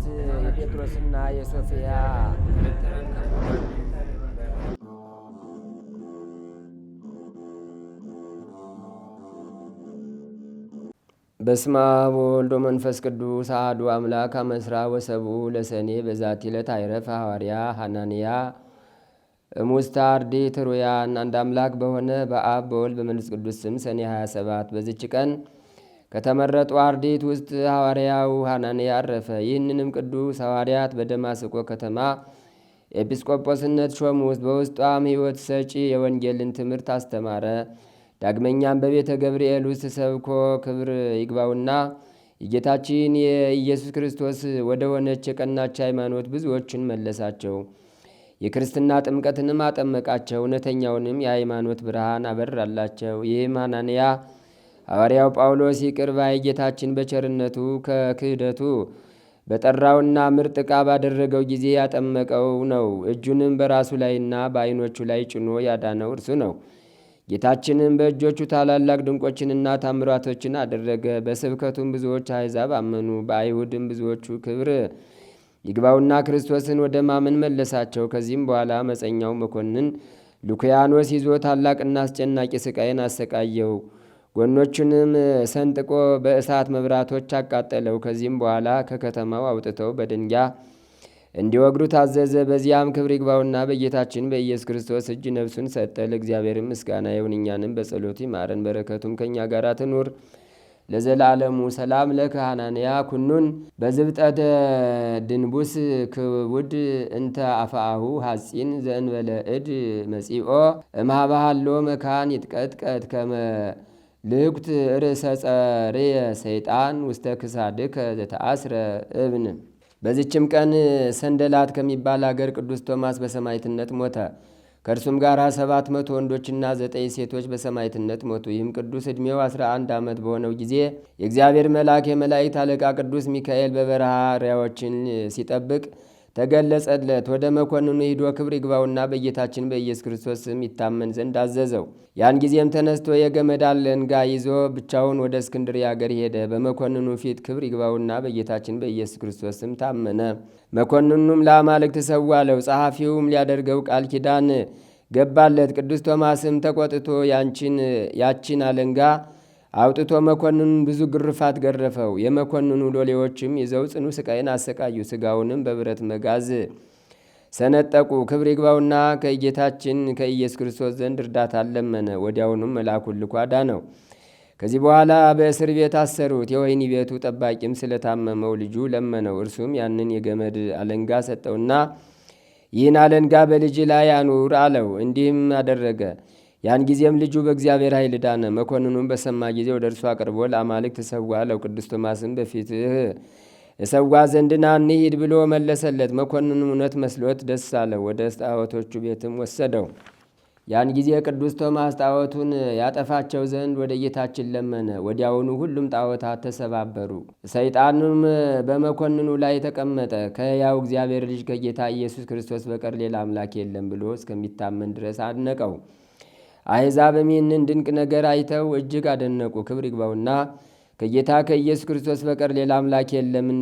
የእምነት የጴጥሮስና የሶፊያ በስማ ወልዶ መንፈስ ቅዱስ አህዱ አምላክ አመስራ ወሰቡ ለሰኔ በዛቲ ዕለት አይረፈ ሐዋርያ ሐናንያ ሙስታርዲ ትሩያን። አንድ አምላክ በሆነ በአብ በወልድ በመንፈስ ቅዱስ ስም ሰኔ 27 በዚች ቀን ከተመረጡ አርዲት ውስጥ ሐዋርያው ሐናንያ አረፈ። ይህንንም ቅዱስ ሐዋርያት በደማስቆ ከተማ ኤጲስቆጶስነት ሾሙት። በውስጧም ሕይወት ሰጪ የወንጌልን ትምህርት አስተማረ። ዳግመኛም በቤተ ገብርኤል ውስጥ ሰብኮ ክብር ይግባውና የጌታችን የኢየሱስ ክርስቶስ ወደ ሆነች የቀናች ሃይማኖት ብዙዎችን መለሳቸው። የክርስትና ጥምቀትንም አጠመቃቸው። እውነተኛውንም የሃይማኖት ብርሃን አበራላቸው። ይህም ሐናንያ ሐዋርያው ጳውሎስ ይቅር ባይ ጌታችን በቸርነቱ ከክህደቱ በጠራውና ምርጥ ዕቃ ባደረገው ጊዜ ያጠመቀው ነው። እጁንም በራሱ ላይና በዓይኖቹ ላይ ጭኖ ያዳነው እርሱ ነው። ጌታችንም በእጆቹ ታላላቅ ድንቆችንና ታምራቶችን አደረገ። በስብከቱም ብዙዎች አሕዛብ አመኑ። በአይሁድም ብዙዎቹ ክብር ይግባውና ክርስቶስን ወደ ማመን መለሳቸው። ከዚህም በኋላ መጸኛው መኮንን ሉኪያኖስ ይዞ ታላቅና አስጨናቂ ስቃይን አሰቃየው። ጎኖቹንም ሰንጥቆ በእሳት መብራቶች አቃጠለው። ከዚህም በኋላ ከከተማው አውጥተው በድንጋ እንዲወግዱ ታዘዘ። በዚያም ክብር ይግባውና በጌታችን በኢየሱስ ክርስቶስ እጅ ነፍሱን ሰጠ። ለእግዚአብሔርም ምስጋና ይሁን፣ እኛንም በጸሎቱ ይማረን፣ በረከቱም ከእኛ ጋር ትኑር ለዘላለሙ። ሰላም ለከሃናንያ ኩኑን በዝብጠተ ድንቡስ ክቡድ እንተ አፍአሁ ሐጺን ዘእንበለ እድ መጺኦ እምሃባሃሎ መካን ይጥቀጥቀት ከመ ልእኩት ርእሰ ጸርየ ሰይጣን ውስተ ክሳድከ ዘተአስረ እብን። በዚችም ቀን ሰንደላት ከሚባል አገር ቅዱስ ቶማስ በሰማይትነት ሞተ። ከእርሱም ጋር ሰባት መቶ ወንዶችና ዘጠኝ ሴቶች በሰማይትነት ሞቱ። ይህም ቅዱስ ዕድሜው አስራ አንድ ዓመት በሆነው ጊዜ የእግዚአብሔር መልአክ የመላእክት አለቃ ቅዱስ ሚካኤል በበረሃ አርያዎችን ሲጠብቅ ተገለጸለት። ወደ መኮንኑ ሂዶ ክብር ይግባውና በጌታችን በኢየሱስ ክርስቶስ ስም ይታመን ዘንድ አዘዘው። ያን ጊዜም ተነስቶ የገመድ አለንጋ ይዞ ብቻውን ወደ እስክንድርያ አገር ሄደ። በመኮንኑ ፊት ክብር ይግባውና በጌታችን በኢየሱስ ክርስቶስ ስም ታመነ። መኮንኑም ለአማልክት ሰዋለው አለው። ጸሐፊውም ሊያደርገው ቃል ኪዳን ገባለት። ቅዱስ ቶማስም ተቆጥቶ ያችን አለንጋ አውጥቶ መኮንኑን ብዙ ግርፋት ገረፈው። የመኮንኑ ሎሌዎችም ይዘው ጽኑ ስቃይን አሰቃዩ። ስጋውንም በብረት መጋዝ ሰነጠቁ። ክብር ይግባውና ከጌታችን ከኢየሱስ ክርስቶስ ዘንድ እርዳታ ለመነ። ወዲያውኑም መልአኩን ልኮ አዳነው። ከዚህ በኋላ በእስር ቤት አሰሩት። የወህኒ ቤቱ ጠባቂም ስለታመመው ልጁ ለመነው። እርሱም ያንን የገመድ አለንጋ ሰጠውና ይህን አለንጋ በልጅ ላይ አኑር አለው። እንዲህም አደረገ። ያን ጊዜም ልጁ በእግዚአብሔር ኃይል ዳነ። መኮንኑም በሰማ ጊዜ ወደ እርሱ አቅርቦ ለአማልክት እሰዋ አለው። ቅዱስ ቶማስም በፊትህ እሰዋ ዘንድ ና እንሂድ ብሎ መለሰለት። መኮንኑ እውነት መስሎት ደስ አለው። ወደ ጣዖቶቹ ቤትም ወሰደው። ያን ጊዜ ቅዱስ ቶማስ ጣዖቱን ያጠፋቸው ዘንድ ወደ ጌታችን ለመነ። ወዲያውኑ ሁሉም ጣዖታት ተሰባበሩ። ሰይጣኑም በመኮንኑ ላይ ተቀመጠ። ከሕያው እግዚአብሔር ልጅ ከጌታ ኢየሱስ ክርስቶስ በቀር ሌላ አምላክ የለም ብሎ እስከሚታመን ድረስ አድነቀው። አሕዛብም ይህንን ድንቅ ነገር አይተው እጅግ አደነቁ። ክብር ይግባውና ከጌታ ከኢየሱስ ክርስቶስ በቀር ሌላ አምላክ የለምን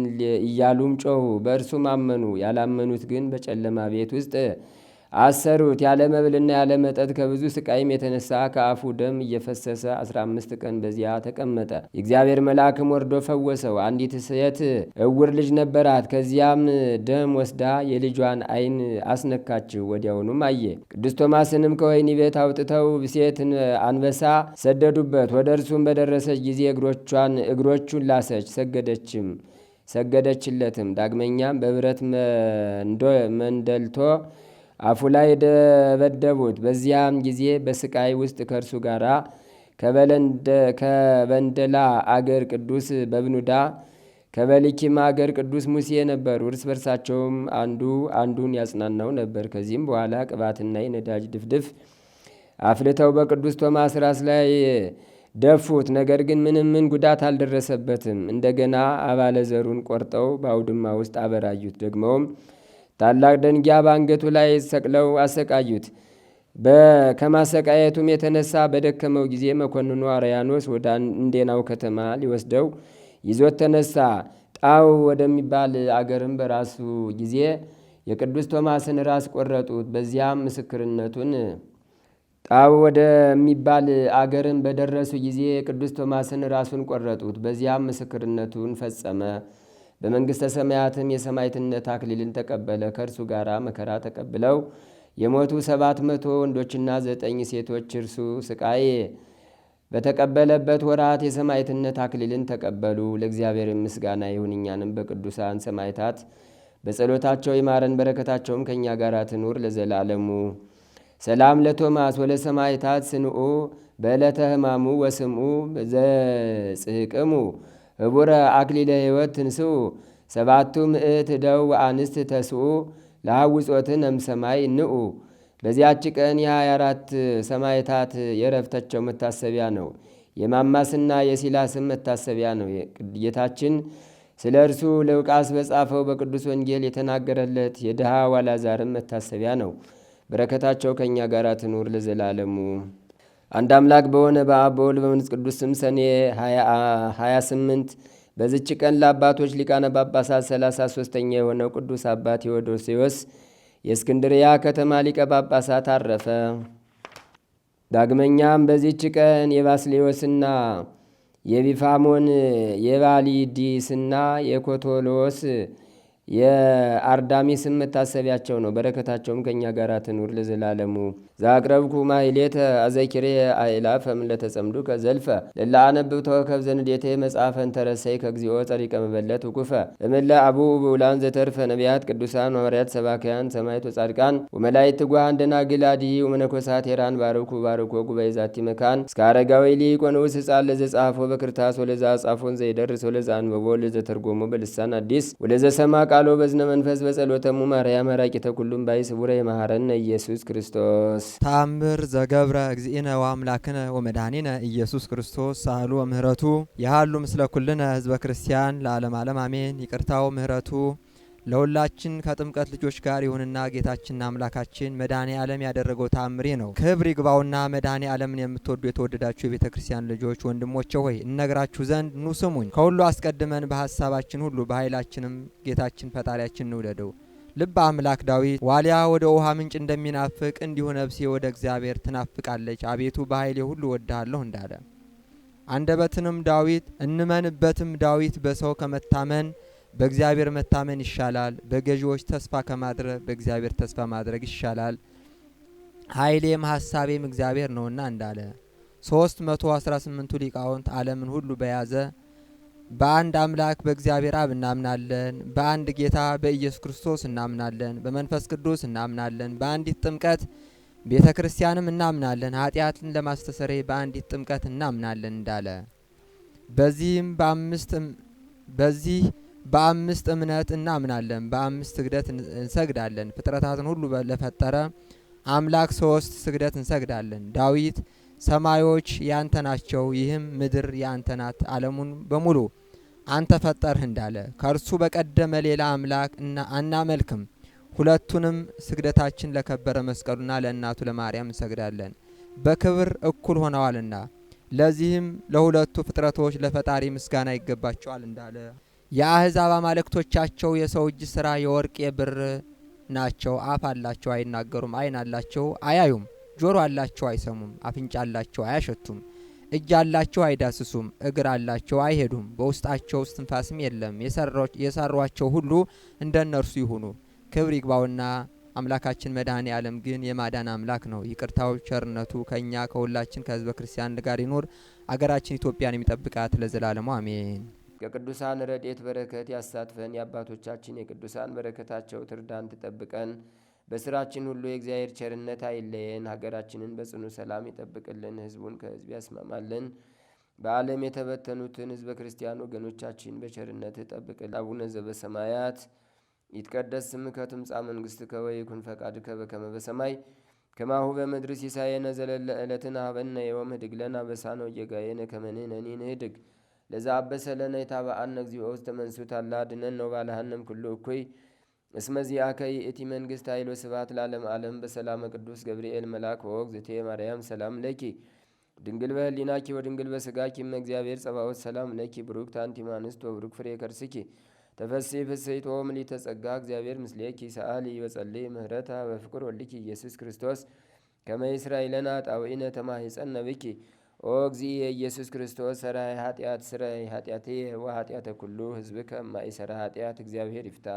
እያሉም ጮኹ። በእርሱም አመኑ። ያላመኑት ግን በጨለማ ቤት ውስጥ አሰሩት። ያለ መብልና ያለ መጠጥ ከብዙ ስቃይም የተነሳ ከአፉ ደም እየፈሰሰ 15 ቀን በዚያ ተቀመጠ። የእግዚአብሔር መልአክም ወርዶ ፈወሰው። አንዲት ሴት እውር ልጅ ነበራት። ከዚያም ደም ወስዳ የልጇን ዓይን አስነካችው። ወዲያውኑም አየ። ቅዱስ ቶማስንም ከወህኒ ቤት አውጥተው ሴትን አንበሳ ሰደዱበት። ወደ እርሱም በደረሰች ጊዜ እግሮቿን እግሮቹን ላሰች፣ ሰገደችም ሰገደችለትም። ዳግመኛም በብረት መንደልቶ አፉ ላይ ደበደቡት። በዚያም ጊዜ በስቃይ ውስጥ ከእርሱ ጋር ከበንደላ አገር ቅዱስ በብኑዳ ከበልኪም አገር ቅዱስ ሙሴ ነበሩ። እርስ በርሳቸውም አንዱ አንዱን ያጽናናው ነበር። ከዚህም በኋላ ቅባትና የነዳጅ ድፍድፍ አፍልተው በቅዱስ ቶማስ ራስ ላይ ደፉት። ነገር ግን ምንም ምን ጉዳት አልደረሰበትም። እንደገና አባለ ዘሩን ቆርጠው በአውድማ ውስጥ አበራዩት። ደግመውም ታላቅ ደንጊያ በአንገቱ ላይ ሰቅለው አሰቃዩት። ከማሰቃየቱም የተነሳ በደከመው ጊዜ መኮንኑ አርያኖስ ወደ እንዴናው ከተማ ሊወስደው ይዞት ተነሳ። ጣው ወደሚባል አገርም በራሱ ጊዜ የቅዱስ ቶማስን ራስ ቆረጡት። በዚያም ምስክርነቱን ጣው ወደሚባል አገርም በደረሱ ጊዜ የቅዱስ ቶማስን ራሱን ቆረጡት። በዚያም ምስክርነቱን ፈጸመ። በመንግሥተ ሰማያትም የሰማዕትነት አክሊልን ተቀበለ። ከእርሱ ጋር መከራ ተቀብለው የሞቱ ሰባት መቶ ወንዶችና ዘጠኝ ሴቶች እርሱ ስቃይ በተቀበለበት ወራት የሰማዕትነት አክሊልን ተቀበሉ። ለእግዚአብሔር ምስጋና ይሁን፣ እኛንም በቅዱሳን ሰማዕታት በጸሎታቸው ይማረን፣ በረከታቸውም ከእኛ ጋር ትኑር ለዘላለሙ። ሰላም ለቶማስ ወለሰማዕታት ስንኡ በዕለተ ሕማሙ ወስምኡ ዘጽሕቅሙ እቡረ አክሊለ ሕይወት ትንስኡ ሰባቱ ምእት ደው አንስት ተስኡ ለአውጾትን እምሰማይ ንኡ። በዚያች ቀን የሃያ አራት ሰማዕታት የረፍታቸው መታሰቢያ ነው። የማማስና የሲላስም መታሰቢያ ነው። ጌታችን ስለ እርሱ ለውቃስ በጻፈው በቅዱስ ወንጌል የተናገረለት የድሃ አላዛርም መታሰቢያ ነው። በረከታቸው ከእኛ ጋር ትኑር ለዘላለሙ። አንድ አምላክ በሆነ በአብ በወልድ በመንፈስ ቅዱስ ስም ሰኔ 28 በዝች ቀን ለአባቶች ሊቃነ ጳጳሳት 33ኛ የሆነው ቅዱስ አባት ቴዎዶሴዎስ የእስክንድርያ ከተማ ሊቀ ጳጳሳት አረፈ። ዳግመኛም በዚች ቀን የባስሌዎስና የቢፋሞን የባሊዲስና የኮቶሎስ የአርዳሚ ስም መታሰቢያቸው ነው። በረከታቸውም ከእኛ ጋር ትኑር ለዘላለሙ። ዛቅረብኩ ማይሌተ አዘኪሬ አይላፈም ለተጸምዱ ከዘልፈ ለላአነብብ ተወከብ ዘንዴቴ መጽሐፈን ተረሰይ ከግዚኦ ጸሪቀ መበለት ውኩፈ እምለ አቡ ብውላን ዘተርፈ ነቢያት ቅዱሳን ሐዋርያት ሰባክያን ሰማይት ወጻድቃን ወመላይት ጓሃን ደናግል አድሂ ወመነኮሳት ሄራን ባርኩ ባርኮ ጉባኤ ዛቲ መካን እስከ አረጋዊ ሊቅ ወንዑስ ሕፃን ለዘጻፎ በክርታስ ወለዛ ጻፎን ዘይደርስ ወለዛ አንበቦ ለዘተርጎሞ በልሳን አዲስ ወለዘሰማ በቃሎ በዝነ መንፈስ በጸሎተሙ ማርያም መራቂ ተኩሉም ባይ ስቡረ የመሐረነ ኢየሱስ ክርስቶስ ታምር ዘገብረ እግዚእነ ወአምላክነ ወመድኃኒነ ኢየሱስ ክርስቶስ ሳህሉ ምህረቱ ያሃሉ ምስለ ኩልነ ህዝበ ክርስቲያን ለዓለም ዓለም አሜን። ይቅርታው ምህረቱ ለሁላችን ከጥምቀት ልጆች ጋር ይሁንና ጌታችንና አምላካችን መድኃኔ ዓለም ያደረገው ታምሪ ነው። ክብር ይግባውና መድኃኔ ዓለምን የምትወዱ የተወደዳችሁ የቤተ ክርስቲያን ልጆች ወንድሞቼ ሆይ እነግራችሁ ዘንድ ኑ ስሙኝ። ከሁሉ አስቀድመን በሀሳባችን ሁሉ በኃይላችንም ጌታችን ፈጣሪያችን እንውደደው። ልበ አምላክ ዳዊት ዋሊያ ወደ ውሃ ምንጭ እንደሚናፍቅ እንዲሁ ነፍሴ ወደ እግዚአብሔር ትናፍቃለች፣ አቤቱ በኃይሌ ሁሉ ወድሃለሁ እንዳለ አንደበትንም ዳዊት እንመንበትም ዳዊት በሰው ከመታመን በእግዚአብሔር መታመን ይሻላል። በገዢዎች ተስፋ ከማድረግ በእግዚአብሔር ተስፋ ማድረግ ይሻላል። ኃይሌም ሀሳቤም እግዚአብሔር ነውና እንዳለ ሶስት መቶ አስራ ስምንቱ ሊቃውንት ዓለምን ሁሉ በያዘ በአንድ አምላክ በእግዚአብሔር አብ እናምናለን። በአንድ ጌታ በኢየሱስ ክርስቶስ እናምናለን። በመንፈስ ቅዱስ እናምናለን። በአንዲት ጥምቀት ቤተ ክርስቲያንም እናምናለን። ኃጢአትን ለማስተሰሬ በአንዲት ጥምቀት እናምናለን እንዳለ በዚህም በአምስት በዚህ በአምስት እምነት እናምናለን፣ በአምስት ስግደት እንሰግዳለን። ፍጥረታትን ሁሉ ለፈጠረ አምላክ ሶስት ስግደት እንሰግዳለን። ዳዊት ሰማዮች ያንተ ናቸው፣ ይህም ምድር ያንተ ናት፣ ዓለሙን በሙሉ አንተ ፈጠርህ እንዳለ ከእርሱ በቀደመ ሌላ አምላክ አናመልክም። ሁለቱንም ስግደታችን ለከበረ መስቀሉና ለእናቱ ለማርያም እንሰግዳለን፣ በክብር እኩል ሆነዋልና። ለዚህም ለሁለቱ ፍጥረቶች ለፈጣሪ ምስጋና ይገባቸዋል እንዳለ የአሕዛብ አማልክቶቻቸው የሰው እጅ ስራ የወርቅ የብር ናቸው። አፍ አላቸው አይናገሩም፣ አይን አላቸው አያዩም፣ ጆሮ አላቸው አይሰሙም፣ አፍንጫ አላቸው አያሸቱም፣ እጅ አላቸው አይዳስሱም፣ እግር አላቸው አይሄዱም፣ በውስጣቸው እስትንፋስም የለም። የሰሯቸው ሁሉ እንደ እነርሱ ይሁኑ። ክብር ይግባውና አምላካችን መድኃኔ ዓለም ግን የማዳን አምላክ ነው። ይቅርታው ቸርነቱ ከእኛ ከሁላችን ከህዝበ ክርስቲያን ጋር ይኖር። አገራችን ኢትዮጵያን የሚጠብቃት ለዘላለሙ አሜን። የቅዱሳን ረድኤት በረከት ያሳትፈን። የአባቶቻችን የቅዱሳን በረከታቸው ትርዳን፣ ትጠብቀን። በስራችን ሁሉ የእግዚአብሔር ቸርነት አይለየን። ሀገራችንን በጽኑ ሰላም ይጠብቅልን፣ ህዝቡን ከህዝብ ያስማማልን። በዓለም የተበተኑትን ህዝበ ክርስቲያን ወገኖቻችን በቸርነት ጠብቅልን። አቡነ ዘበሰማያት ይትቀደስ ስምከ ትምጻእ መንግሥትከ ወይኩን ፈቃድከ በከመ በሰማይ ከማሁ በምድር ሲሳየነ ዘለለ ዕለትነ ሀበነ ዮም ህድግ ለነ አበሳነ ወጌጋየነ ከመ ንሕነኒ ንህድግ ለዛ አበሰለነ የታበአነ እግዚኦ ውስጥ ተመንሱታላ ድነን ነው ባለሃንም ኩሉ እኩይ እስመዚያ ከይ እቲ መንግስት ኃይሎ ስባት ላለም ዓለም በሰላመ ቅዱስ ገብርኤል መልአክ ወግ ዝቴ ማርያም ሰላም ለኪ ድንግል በህሊናኪ ወድንግል በስጋኪ እመ እግዚአብሔር ጸባዖት ሰላም ለኪ ብሩክ አንቲ እማንስት ወብሩክ ፍሬ ከርስኪ ተፈሲ ፍሰይቶ ምሊ ጸጋ እግዚአብሔር ምስሌኪ ሰአሊ ወጸልይ ምህረታ በፍቅር ወልኪ ኢየሱስ ክርስቶስ ከመ ይስራይ ጣውኢነ ጣውዒነ ነብኪ ኦ እግዚእ ኢየሱስ ክርስቶስ ሰራይ ኃጢአት ስራይ ኃጢአቴ ወኃጢአተ ኩሉ ህዝብ ከማይሰራ ኃጢአት እግዚአብሔር ይፍታ።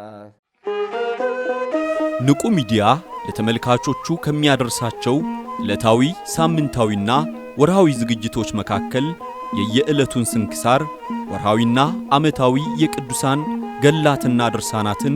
ንቁ ሚዲያ ለተመልካቾቹ ከሚያደርሳቸው ዕለታዊ ሳምንታዊና ወርሃዊ ዝግጅቶች መካከል የየዕለቱን ስንክሳር ወርሃዊና ዓመታዊ የቅዱሳን ገላትና ድርሳናትን